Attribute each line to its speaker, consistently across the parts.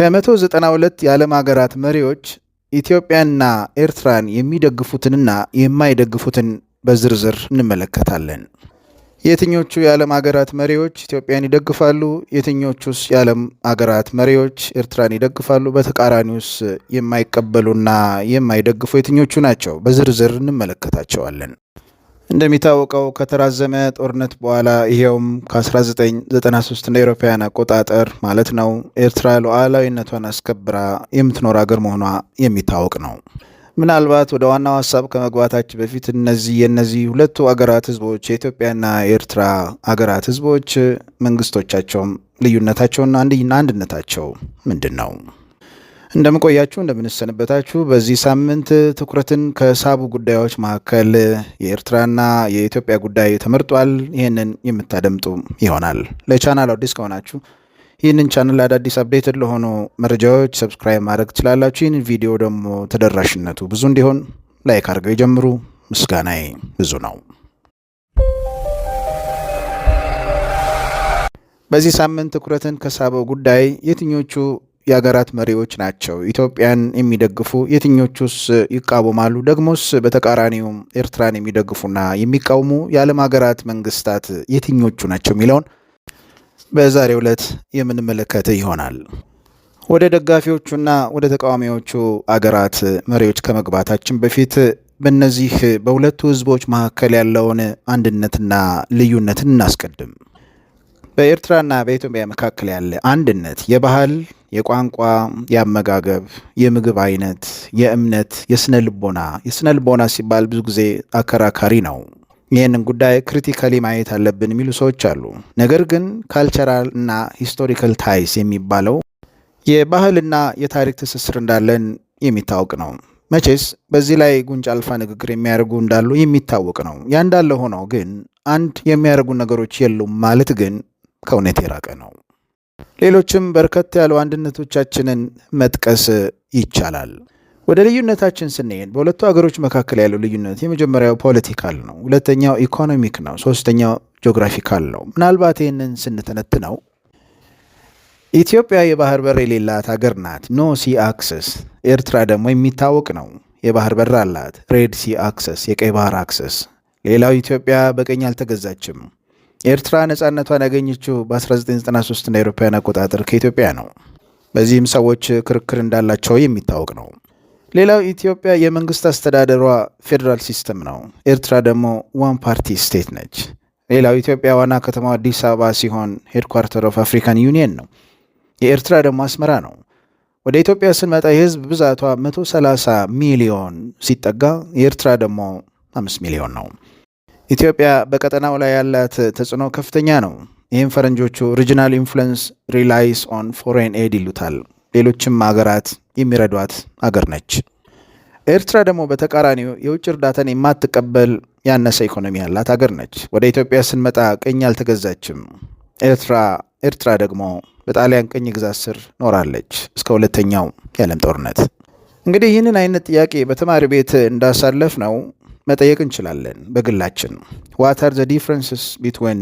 Speaker 1: ከ192 የዓለም ሀገራት መሪዎች ኢትዮጵያና ኤርትራን የሚደግፉትንና የማይደግፉትን በዝርዝር እንመለከታለን። የትኞቹ የዓለም ሀገራት መሪዎች ኢትዮጵያን ይደግፋሉ? የትኞቹስ የዓለም ሀገራት መሪዎች ኤርትራን ይደግፋሉ? በተቃራኒውስ የማይቀበሉና የማይደግፉ የትኞቹ ናቸው? በዝርዝር እንመለከታቸዋለን። እንደሚታወቀው ከተራዘመ ጦርነት በኋላ ይሄውም ከ1993 እንደ አውሮፓውያን አቆጣጠር ማለት ነው ኤርትራ ሉዓላዊነቷን አስከብራ የምትኖር አገር መሆኗ የሚታወቅ ነው። ምናልባት ወደ ዋናው ሀሳብ ከመግባታች በፊት እነዚህ የእነዚህ ሁለቱ አገራት ህዝቦች የኢትዮጵያና የኤርትራ አገራት ህዝቦች መንግስቶቻቸውም ልዩነታቸውና አንድነታቸው ምንድን ነው? እንደምቆያችሁ እንደምንሰንበታችሁ። በዚህ ሳምንት ትኩረትን ከሳቡ ጉዳዮች መካከል የኤርትራና የኢትዮጵያ ጉዳይ ተመርጧል። ይህንን የምታደምጡ ይሆናል። ለቻናል አዲስ ከሆናችሁ ይህንን ቻናል አዳዲስ አፕዴትድ ለሆኑ መረጃዎች ሰብስክራይብ ማድረግ ትችላላችሁ። ይህን ቪዲዮ ደግሞ ተደራሽነቱ ብዙ እንዲሆን ላይክ አድርገው ይጀምሩ። ምስጋናዬ ብዙ ነው። በዚህ ሳምንት ትኩረትን ከሳበው ጉዳይ የትኞቹ የሀገራት መሪዎች ናቸው? ኢትዮጵያን የሚደግፉ የትኞቹስ ይቃወማሉ? ደግሞስ በተቃራኒውም ኤርትራን የሚደግፉና የሚቃውሙ የዓለም ሀገራት መንግስታት የትኞቹ ናቸው የሚለውን በዛሬው ዕለት የምንመለከት ይሆናል። ወደ ደጋፊዎቹና ወደ ተቃዋሚዎቹ አገራት መሪዎች ከመግባታችን በፊት በእነዚህ በሁለቱ ህዝቦች መካከል ያለውን አንድነትና ልዩነትን እናስቀድም። በኤርትራና በኢትዮጵያ መካከል ያለ አንድነት የባህል የቋንቋ፣ የአመጋገብ፣ የምግብ አይነት፣ የእምነት፣ የስነ ልቦና የስነ ልቦና ሲባል ብዙ ጊዜ አከራካሪ ነው። ይህንን ጉዳይ ክሪቲካሊ ማየት አለብን የሚሉ ሰዎች አሉ። ነገር ግን ካልቸራል እና ሂስቶሪካል ታይስ የሚባለው የባህልና የታሪክ ትስስር እንዳለን የሚታወቅ ነው። መቼስ በዚህ ላይ ጉንጭ አልፋ ንግግር የሚያደርጉ እንዳሉ የሚታወቅ ነው። ያ እንዳለ ሆኖ ግን አንድ የሚያደርጉ ነገሮች የሉም ማለት ግን ከእውነት የራቀ ነው። ሌሎችም በርከት ያሉ አንድነቶቻችንን መጥቀስ ይቻላል። ወደ ልዩነታችን ስንሄድ በሁለቱ ሀገሮች መካከል ያለው ልዩነት የመጀመሪያው ፖለቲካል ነው። ሁለተኛው ኢኮኖሚክ ነው። ሶስተኛው ጂኦግራፊካል ነው። ምናልባት ይህንን ስንተነትነው ኢትዮጵያ የባህር በር የሌላት ሀገር ናት፣ ኖ ሲ አክሰስ። ኤርትራ ደግሞ የሚታወቅ ነው፣ የባህር በር አላት፣ ሬድ ሲ አክሰስ፣ የቀይ ባህር አክሰስ። ሌላው ኢትዮጵያ በቀኝ አልተገዛችም። ኤርትራ ነጻነቷን ያገኘችው በ1993 እንደ አውሮፓውያን አቆጣጠር ከኢትዮጵያ ነው። በዚህም ሰዎች ክርክር እንዳላቸው የሚታወቅ ነው። ሌላው ኢትዮጵያ የመንግስት አስተዳደሯ ፌዴራል ሲስተም ነው። ኤርትራ ደግሞ ዋን ፓርቲ ስቴት ነች። ሌላው ኢትዮጵያ ዋና ከተማው አዲስ አበባ ሲሆን ሄድኳርተር ኦፍ አፍሪካን ዩኒየን ነው። የኤርትራ ደግሞ አስመራ ነው። ወደ ኢትዮጵያ ስንመጣ የህዝብ ብዛቷ 130 ሚሊዮን ሲጠጋ የኤርትራ ደግሞ 5 ሚሊዮን ነው። ኢትዮጵያ በቀጠናው ላይ ያላት ተጽዕኖ ከፍተኛ ነው። ይህም ፈረንጆቹ ሪጂናል ኢንፍሉንስ ሪላይስ ኦን ፎሬን ኤድ ይሉታል። ሌሎችም አገራት የሚረዷት አገር ነች። ኤርትራ ደግሞ በተቃራኒው የውጭ እርዳታን የማትቀበል ያነሰ ኢኮኖሚ ያላት አገር ነች። ወደ ኢትዮጵያ ስንመጣ ቅኝ አልተገዛችም። ኤርትራ ኤርትራ ደግሞ በጣሊያን ቅኝ ግዛት ስር ኖራለች እስከ ሁለተኛው የዓለም ጦርነት። እንግዲህ ይህንን አይነት ጥያቄ በተማሪ ቤት እንዳሳለፍ ነው መጠየቅ እንችላለን በግላችን። ዋት አር ዘ ዲፍረንስስ ቢትዊን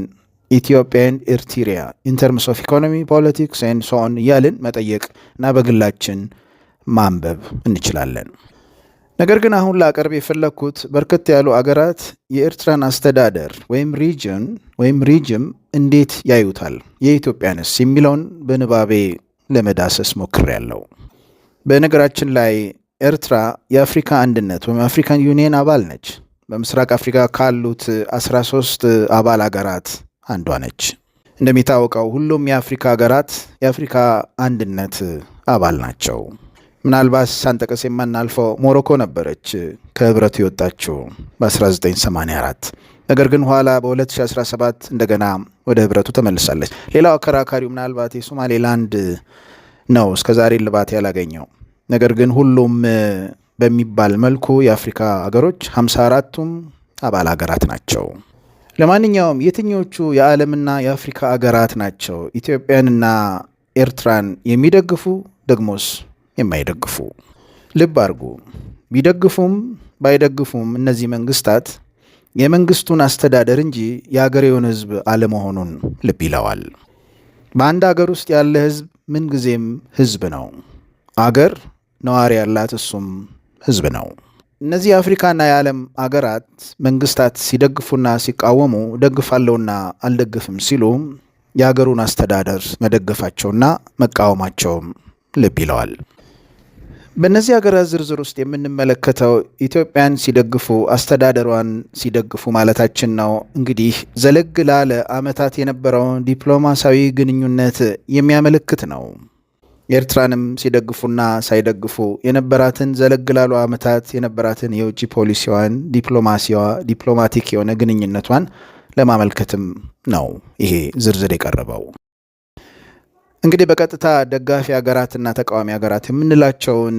Speaker 1: ኢትዮጵያን ኤርትሪያ ኢንተርምስ ኦፍ ኢኮኖሚ ፖለቲክስ ን ሶን እያልን መጠየቅ እና በግላችን ማንበብ እንችላለን። ነገር ግን አሁን ላቀርብ የፈለግኩት በርከት ያሉ አገራት የኤርትራን አስተዳደር ወይም ሪጅን ወይም ሪጅም እንዴት ያዩታል የኢትዮጵያንስ የሚለውን በንባቤ ለመዳሰስ ሞክር ያለው በነገራችን ላይ ኤርትራ የአፍሪካ አንድነት ወይም አፍሪካን ዩኒየን አባል ነች። በምስራቅ አፍሪካ ካሉት 13 አባል ሀገራት አንዷ ነች። እንደሚታወቀው ሁሉም የአፍሪካ ሀገራት የአፍሪካ አንድነት አባል ናቸው። ምናልባት ሳንጠቀስ የማናልፈው ሞሮኮ ነበረች ከህብረቱ የወጣችው በ1984 ነገር ግን ኋላ በ2017 እንደገና ወደ ህብረቱ ተመልሳለች። ሌላው አከራካሪው ምናልባት የሶማሌላንድ ነው። እስከዛሬ ልባት ያላገኘው ነገር ግን ሁሉም በሚባል መልኩ የአፍሪካ ሀገሮች 54ቱም አባል ሀገራት ናቸው። ለማንኛውም የትኞቹ የዓለምና የአፍሪካ ሀገራት ናቸው ኢትዮጵያንና ኤርትራን የሚደግፉ ደግሞስ የማይደግፉ? ልብ አድርጉ። ቢደግፉም ባይደግፉም እነዚህ መንግስታት የመንግስቱን አስተዳደር እንጂ የአገሬውን ህዝብ አለመሆኑን ልብ ይለዋል። በአንድ አገር ውስጥ ያለ ህዝብ ምንጊዜም ህዝብ ነው። አገር ነዋሪ ያላት እሱም ህዝብ ነው። እነዚህ የአፍሪካና የዓለም አገራት መንግስታት ሲደግፉና ሲቃወሙ ደግፋለሁና አልደግፍም ሲሉ የአገሩን አስተዳደር መደገፋቸውና መቃወማቸውም ልብ ይለዋል። በእነዚህ ሀገራት ዝርዝር ውስጥ የምንመለከተው ኢትዮጵያን ሲደግፉ አስተዳደሯን ሲደግፉ ማለታችን ነው። እንግዲህ ዘለግ ላለ ዓመታት የነበረውን ዲፕሎማሲያዊ ግንኙነት የሚያመለክት ነው። ኤርትራንም ሲደግፉና ሳይደግፉ የነበራትን ዘለግ ላሉ ዓመታት የነበራትን የውጭ ፖሊሲዋን፣ ዲፕሎማሲዋ፣ ዲፕሎማቲክ የሆነ ግንኙነቷን ለማመልከትም ነው ይሄ ዝርዝር የቀረበው። እንግዲህ በቀጥታ ደጋፊ ሀገራትና ተቃዋሚ ሀገራት የምንላቸውን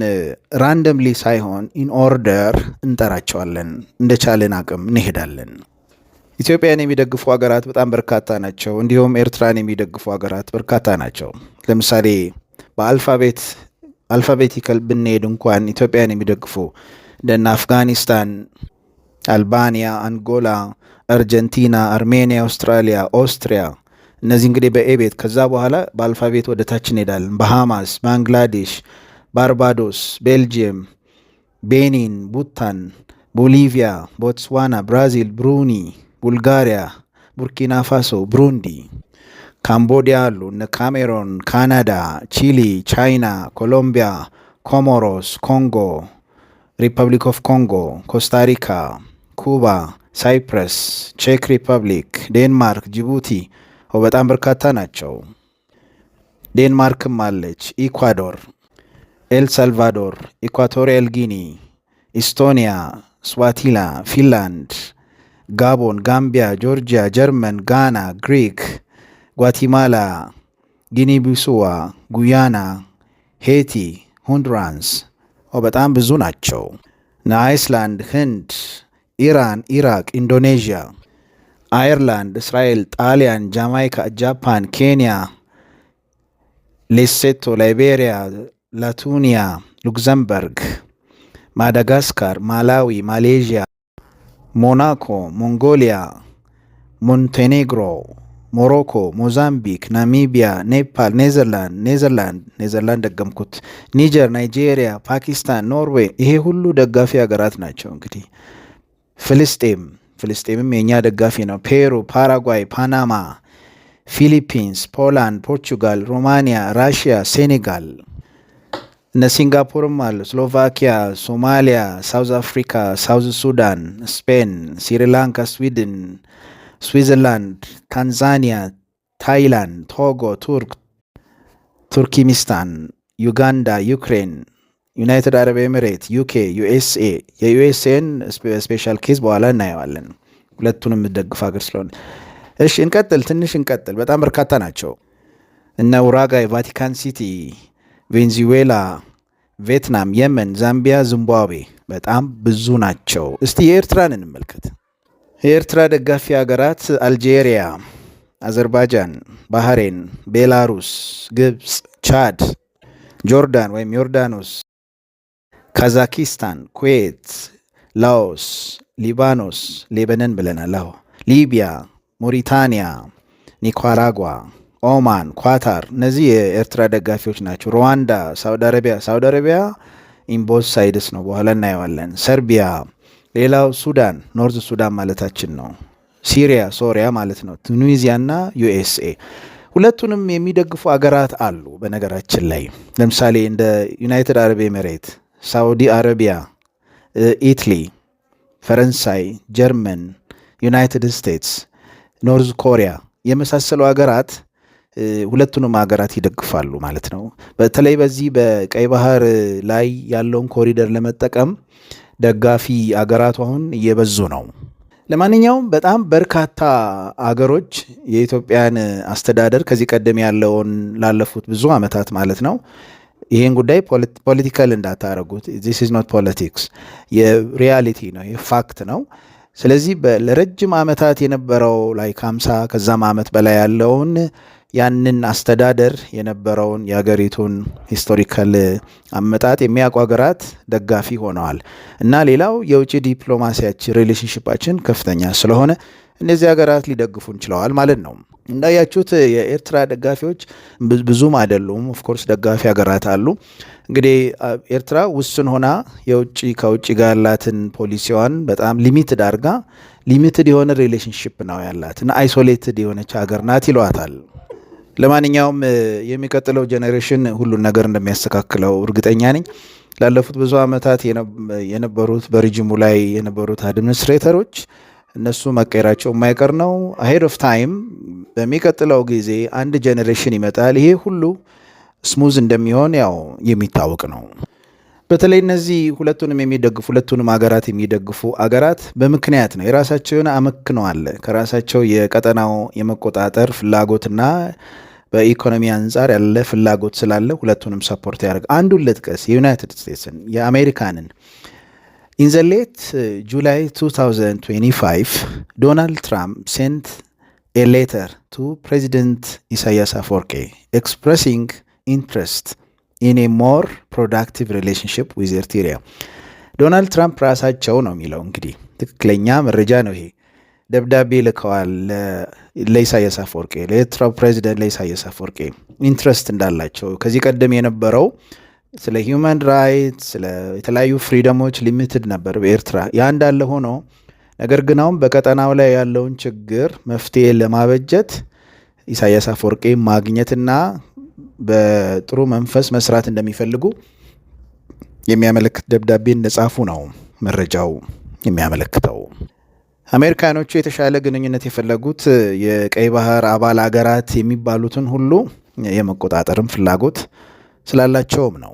Speaker 1: ራንደምሊ ሳይሆን ኢን ኦርደር እንጠራቸዋለን። እንደቻለን አቅም እንሄዳለን። ኢትዮጵያን የሚደግፉ ሀገራት በጣም በርካታ ናቸው። እንዲሁም ኤርትራን የሚደግፉ ሀገራት በርካታ ናቸው። ለምሳሌ በአልፋቤት አልፋቤቲካል ብንሄድ እንኳን ኢትዮጵያን የሚደግፉ እንደነ አፍጋኒስታን፣ አልባንያ፣ አንጎላ፣ አርጀንቲና፣ አርሜኒያ፣ አውስትራሊያ፣ ኦስትሪያ እነዚህ እንግዲህ በኤቤት ከዛ በኋላ በአልፋቤት ወደ ታች እንሄዳለን። በሃማስ፣ ባንግላዴሽ፣ ባርባዶስ፣ ቤልጅየም፣ ቤኒን፣ ቡታን፣ ቦሊቪያ፣ ቦትስዋና፣ ብራዚል፣ ብሩኒ፣ ቡልጋሪያ፣ ቡርኪና ፋሶ፣ ብሩንዲ ካምቦዲያ አሉ፣ እነ ካሜሮን፣ ካናዳ፣ ቺሊ፣ ቻይና፣ ኮሎምቢያ፣ ኮሞሮስ፣ ኮንጎ፣ ሪፐብሊክ ኦፍ ኮንጎ፣ ኮስታሪካ፣ ኩባ፣ ሳይፕረስ፣ ቼክ ሪፐብሊክ፣ ዴንማርክ፣ ጅቡቲ በጣም በርካታ ናቸው። ዴንማርክም አለች። ኢኳዶር፣ ኤል ሳልቫዶር፣ ኢኳቶሪያል ጊኒ፣ ኢስቶኒያ፣ ስዋቲላ፣ ፊንላንድ፣ ጋቦን፣ ጋምቢያ፣ ጆርጂያ፣ ጀርመን፣ ጋና፣ ግሪክ ጓቲማላ ጊኒቢሱዋ፣ ጉያና፣ ሄቲ፣ ሆንዱራንስ በጣም ብዙ ናቸው። አይስላንድ፣ ህንድ፣ ኢራን፣ ኢራቅ፣ ኢንዶኔዥያ፣ አየርላንድ፣ እስራኤል፣ ጣሊያን፣ ጃማይካ፣ ጃፓን፣ ኬንያ፣ ሌሴቶ፣ ላይቤሪያ፣ ላቱኒያ፣ ሉክዘምበርግ፣ ማዳጋስካር፣ ማላዊ፣ ማሌዥያ፣ ሞናኮ፣ ሞንጎሊያ፣ ሞንቴኔግሮ ሞሮኮ፣ ሞዛምቢክ፣ ናሚቢያ፣ ኔፓል፣ ኔዘርላንድ ኔዘርላንድ ኔዘርላንድ ደገምኩት፣ ኒጀር፣ ናይጄሪያ፣ ፓኪስታን፣ ኖርዌይ ይሄ ሁሉ ደጋፊ ሀገራት ናቸው። እንግዲህ ፍልስጤም ፍልስጤምም የእኛ ደጋፊ ነው። ፔሩ፣ ፓራጓይ፣ ፓናማ፣ ፊሊፒንስ፣ ፖላንድ፣ ፖርቹጋል፣ ሮማኒያ፣ ራሽያ፣ ሴኔጋል እነ ሲንጋፖርም አሉ። ስሎቫኪያ፣ ሶማሊያ፣ ሳውዝ አፍሪካ፣ ሳውዝ ሱዳን፣ ስፔን፣ ስሪላንካ፣ ስዊድን ስዊዘርላንድ፣ ታንዛኒያ፣ ታይላንድ፣ ቶጎ፣ ቱርክ፣ ቱርኪሚስታን፣ ዩጋንዳ፣ ዩክሬን፣ ዩናይትድ አረብ ኤምሬት፣ ዩኬ፣ ዩኤስኤ የዩኤስኤን ስፔሻል ኬዝ በኋላ እናየዋለን። ሁለቱንም የምትደግፍ ሀገር ስለሆነ እሺ፣ እንቀጥል። ትንሽ እንቀጥል። በጣም በርካታ ናቸው። እነ ኡራጋይ፣ ቫቲካን ሲቲ፣ ቬንዙዌላ፣ ቪየትናም፣ የመን፣ ዛምቢያ፣ ዚምባብዌ በጣም ብዙ ናቸው። እስቲ የኤርትራን እንመልከት። የኤርትራ ደጋፊ ሀገራት አልጄሪያ፣ አዘርባጃን ባህሬን፣ ቤላሩስ፣ ግብፅ፣ ቻድ፣ ጆርዳን ወይም ዮርዳኖስ፣ ካዛኪስታን፣ ኩዌት፣ ላኦስ፣ ሊባኖስ ሌበነን ብለናል። አዎ ሊቢያ፣ ሞሪታንያ፣ ኒካራጓ፣ ኦማን፣ ኳታር እነዚህ የኤርትራ ደጋፊዎች ናቸው። ሩዋንዳ፣ ሳውዲ አረቢያ ሳውዲ አረቢያ ኢምቦስ ሳይድስ ነው፣ በኋላ እናየዋለን። ሰርቢያ ሌላው ሱዳን ኖርዝ ሱዳን ማለታችን ነው። ሲሪያ ሶሪያ ማለት ነው። ቱኒዚያና ዩኤስኤ ሁለቱንም የሚደግፉ አገራት አሉ። በነገራችን ላይ ለምሳሌ እንደ ዩናይትድ አረብ ኤሜሬት፣ ሳውዲ አረቢያ፣ ኢትሊ፣ ፈረንሳይ፣ ጀርመን፣ ዩናይትድ ስቴትስ፣ ኖርዝ ኮሪያ የመሳሰሉ አገራት ሁለቱንም ሀገራት ይደግፋሉ ማለት ነው። በተለይ በዚህ በቀይ ባህር ላይ ያለውን ኮሪደር ለመጠቀም ደጋፊ አገራቱ አሁን እየበዙ ነው። ለማንኛውም በጣም በርካታ አገሮች የኢትዮጵያን አስተዳደር ከዚህ ቀደም ያለውን ላለፉት ብዙ ዓመታት ማለት ነው ይህን ጉዳይ ፖለቲካል እንዳታረጉት። ዚስ ኢዝ ኖት ፖለቲክስ፣ የሪያሊቲ ነው፣ የፋክት ነው። ስለዚህ ለረጅም ዓመታት የነበረው ላይ ከሃምሳ ከዛም ዓመት በላይ ያለውን ያንን አስተዳደር የነበረውን የሀገሪቱን ሂስቶሪካል አመጣጥ የሚያውቁ ሀገራት ደጋፊ ሆነዋል እና ሌላው የውጭ ዲፕሎማሲያችን ሪሌሽንሽፓችን ከፍተኛ ስለሆነ እነዚህ ሀገራት ሊደግፉ እንችለዋል ማለት ነው። እንዳያችሁት የኤርትራ ደጋፊዎች ብዙም አይደሉም። ኦፍኮርስ ደጋፊ ሀገራት አሉ። እንግዲህ ኤርትራ ውስን ሆና የውጭ ከውጭ ጋር ያላትን ፖሊሲዋን በጣም ሊሚትድ አድርጋ ሊሚትድ የሆነ ሪሌሽንሽፕ ነው ያላት እና አይሶሌትድ የሆነች ሀገር ናት ይለዋታል። ለማንኛውም የሚቀጥለው ጄኔሬሽን ሁሉን ነገር እንደሚያስተካክለው እርግጠኛ ነኝ። ላለፉት ብዙ ዓመታት የነበሩት በሪጅሙ ላይ የነበሩት አድሚኒስትሬተሮች እነሱ መቀየራቸው የማይቀር ነው። አሄድ ኦፍ ታይም በሚቀጥለው ጊዜ አንድ ጄኔሬሽን ይመጣል። ይሄ ሁሉ ስሙዝ እንደሚሆን ያው የሚታወቅ ነው። በተለይ እነዚህ ሁለቱንም የሚደግፉ ሁለቱንም ሀገራት የሚደግፉ አገራት በምክንያት ነው። የራሳቸው የሆነ አመክነው አለ ከራሳቸው የቀጠናው የመቆጣጠር ፍላጎትና በኢኮኖሚ አንጻር ያለ ፍላጎት ስላለ ሁለቱንም ሰፖርት ያደርግ። አንዱን ልጥቀስ፣ የዩናይትድ ስቴትስን የአሜሪካንን ኢንዘሌት ጁላይ 2025 ዶናልድ ትራምፕ ሴንት ኤ ሌተር ቱ ፕሬዚደንት ኢሳያስ አፈወርቄ ኤክስፕሬሲንግ ኢንትረስት ኢን ኤ ሞር ፕሮዳክቲቭ ሪሌሽንሽፕ ዊዝ ኤርትሪያ። ዶናልድ ትራምፕ ራሳቸው ነው የሚለው እንግዲህ ትክክለኛ መረጃ ነው ይሄ ደብዳቤ ልከዋል ለኢሳያስ አፈወርቄ፣ ለኤርትራው ፕሬዚደንት ለኢሳያስ አፈወርቄ ኢንትረስት እንዳላቸው ከዚህ ቀደም የነበረው ስለ ሂውማን ራይት ስለ የተለያዩ ፍሪደሞች ሊሚትድ ነበር በኤርትራ። ያ እንዳለ ሆኖ ነገር ግን አሁን በቀጠናው ላይ ያለውን ችግር መፍትሄ ለማበጀት ኢሳያስ አፈወርቄ ማግኘትና በጥሩ መንፈስ መስራት እንደሚፈልጉ የሚያመለክት ደብዳቤ እንደጻፉ ነው መረጃው የሚያመለክተው። አሜሪካኖቹ የተሻለ ግንኙነት የፈለጉት የቀይ ባህር አባል አገራት የሚባሉትን ሁሉ የመቆጣጠርም ፍላጎት ስላላቸውም ነው።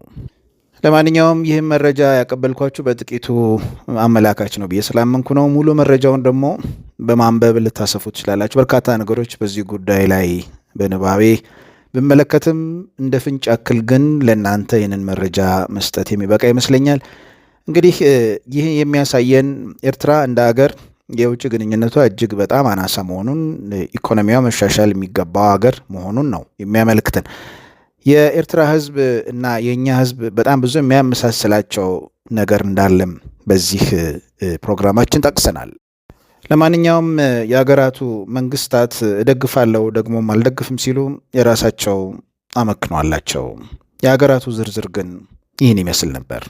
Speaker 1: ለማንኛውም ይህም መረጃ ያቀበልኳችሁ በጥቂቱ አመላካች ነው ብዬ ስላመንኩ ነው። ሙሉ መረጃውን ደግሞ በማንበብ ልታሰፉ ትችላላችሁ። በርካታ ነገሮች በዚህ ጉዳይ ላይ በንባቤ ብመለከትም እንደ ፍንጭ ግን ለእናንተ ይህንን መረጃ መስጠት የሚበቃ ይመስለኛል። እንግዲህ ይህ የሚያሳየን ኤርትራ እንደ አገር የውጭ ግንኙነቷ እጅግ በጣም አናሳ መሆኑን፣ ኢኮኖሚዋ መሻሻል የሚገባው ሀገር መሆኑን ነው የሚያመልክትን። የኤርትራ ህዝብ እና የእኛ ህዝብ በጣም ብዙ የሚያመሳስላቸው ነገር እንዳለም በዚህ ፕሮግራማችን ጠቅሰናል። ለማንኛውም የሀገራቱ መንግስታት እደግፋለሁ ደግሞም አልደግፍም ሲሉ የራሳቸው አመክንዮ አላቸው። የሀገራቱ ዝርዝር ግን ይህን ይመስል ነበር።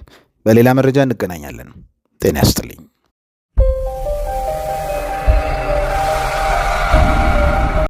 Speaker 1: በሌላ መረጃ እንገናኛለን። ጤና ያስጥልኝ።